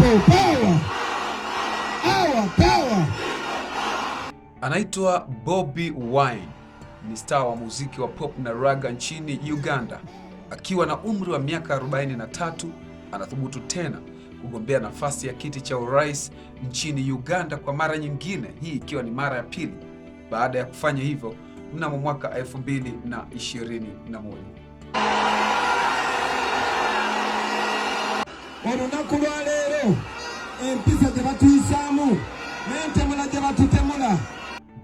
hapo power. Our power. Anaitwa Bobi Wine ni star wa muziki wa pop na raga nchini Uganda. Akiwa na umri wa miaka 43 anathubutu tena kugombea nafasi ya kiti cha urais nchini Uganda kwa mara nyingine, hii ikiwa ni mara ya pili baada ya kufanya hivyo mnamo mwaka 2021. olunaku lwaleero empisa gye batuyisaamu n'entemula gye batutemula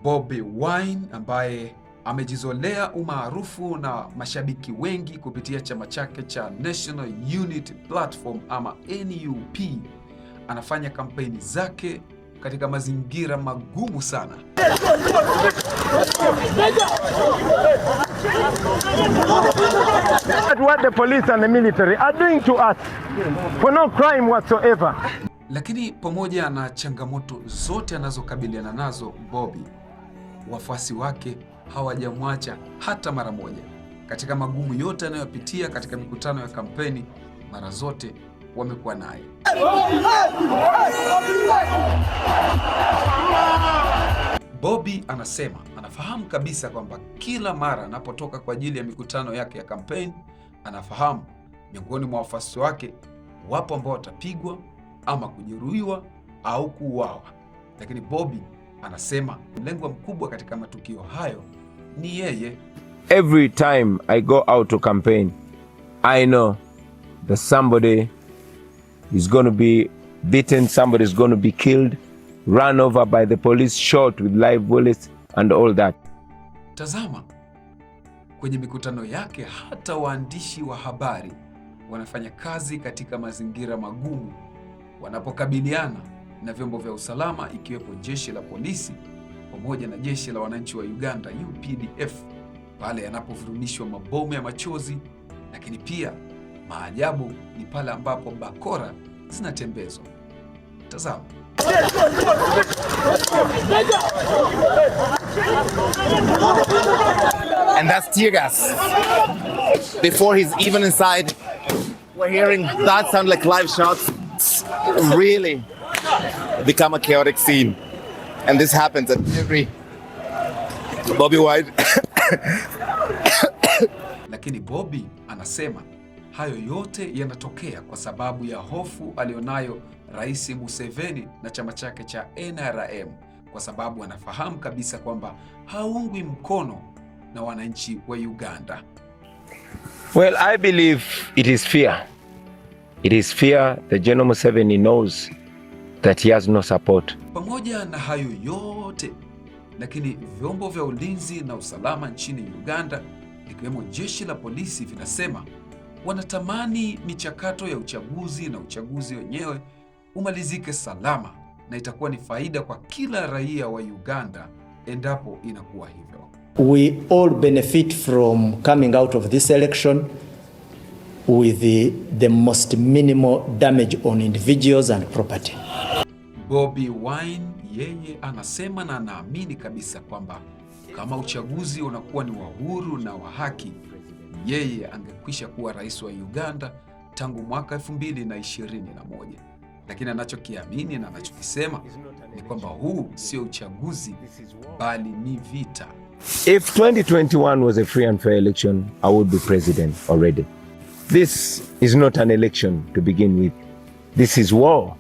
Bobi Wine ambaye amejizolea umaarufu na mashabiki wengi kupitia chama chake cha National Unity Platform ama NUP anafanya kampeni zake katika mazingira magumu sana at what the police and the military are doing to us for no crime whatsoever. Lakini pamoja na changamoto zote anazokabiliana nazo Bobby, wafuasi wake hawajamwacha hata mara moja. Katika magumu yote anayopitia katika mikutano ya kampeni, mara zote wamekuwa naye. Bobby anasema anafahamu kabisa kwamba kila mara anapotoka kwa ajili ya mikutano yake ya kampeni anafahamu miongoni mwa wafuasi wake wapo ambao watapigwa ama kujeruhiwa au kuuawa, lakini Bobi anasema mlengwa mkubwa katika matukio hayo ni yeye. Every time I go out to campaign, I know that somebody is going to be beaten, somebody is going to be killed, run over by the police, shot with live bullets and all that. Tazama Kwenye mikutano yake, hata waandishi wa habari wanafanya kazi katika mazingira magumu wanapokabiliana na vyombo vya usalama ikiwepo jeshi la polisi pamoja na jeshi la wananchi wa Uganda UPDF pale yanapovurumishwa mabomu ya machozi. Lakini pia maajabu ni pale ambapo bakora zinatembezwa. Tazama and that's tear gas. Before he's even inside, we're hearing that sound like live shots. It's really become a chaotic scene, and this happens at every Bobby White. Lakini Bobby anasema hayo yote yanatokea kwa sababu ya hofu alionayo Rais Museveni na chama chake cha NRM kwa sababu anafahamu kabisa kwamba haungwi mkono na wananchi wa Uganda? Well, I believe it is fear. It is fear the General Museveni knows that he has no support. Pamoja na hayo yote lakini vyombo vya ulinzi na usalama nchini Uganda likiwemo jeshi la polisi vinasema wanatamani michakato ya uchaguzi na uchaguzi wenyewe umalizike salama na itakuwa ni faida kwa kila raia wa Uganda endapo inakuwa hivyo. We all benefit from coming out of this election with the, the most minimal damage on individuals and property. Bobi Wine yeye anasema na anaamini kabisa kwamba kama uchaguzi unakuwa ni wa huru na wa haki, yeye angekwisha kuwa rais wa Uganda tangu mwaka 2021, lakini anachokiamini na anachokisema ni kwamba huu sio uchaguzi bali ni vita. If 2021 was a free and fair election, I would be president already. This is not an election to begin with. This is war.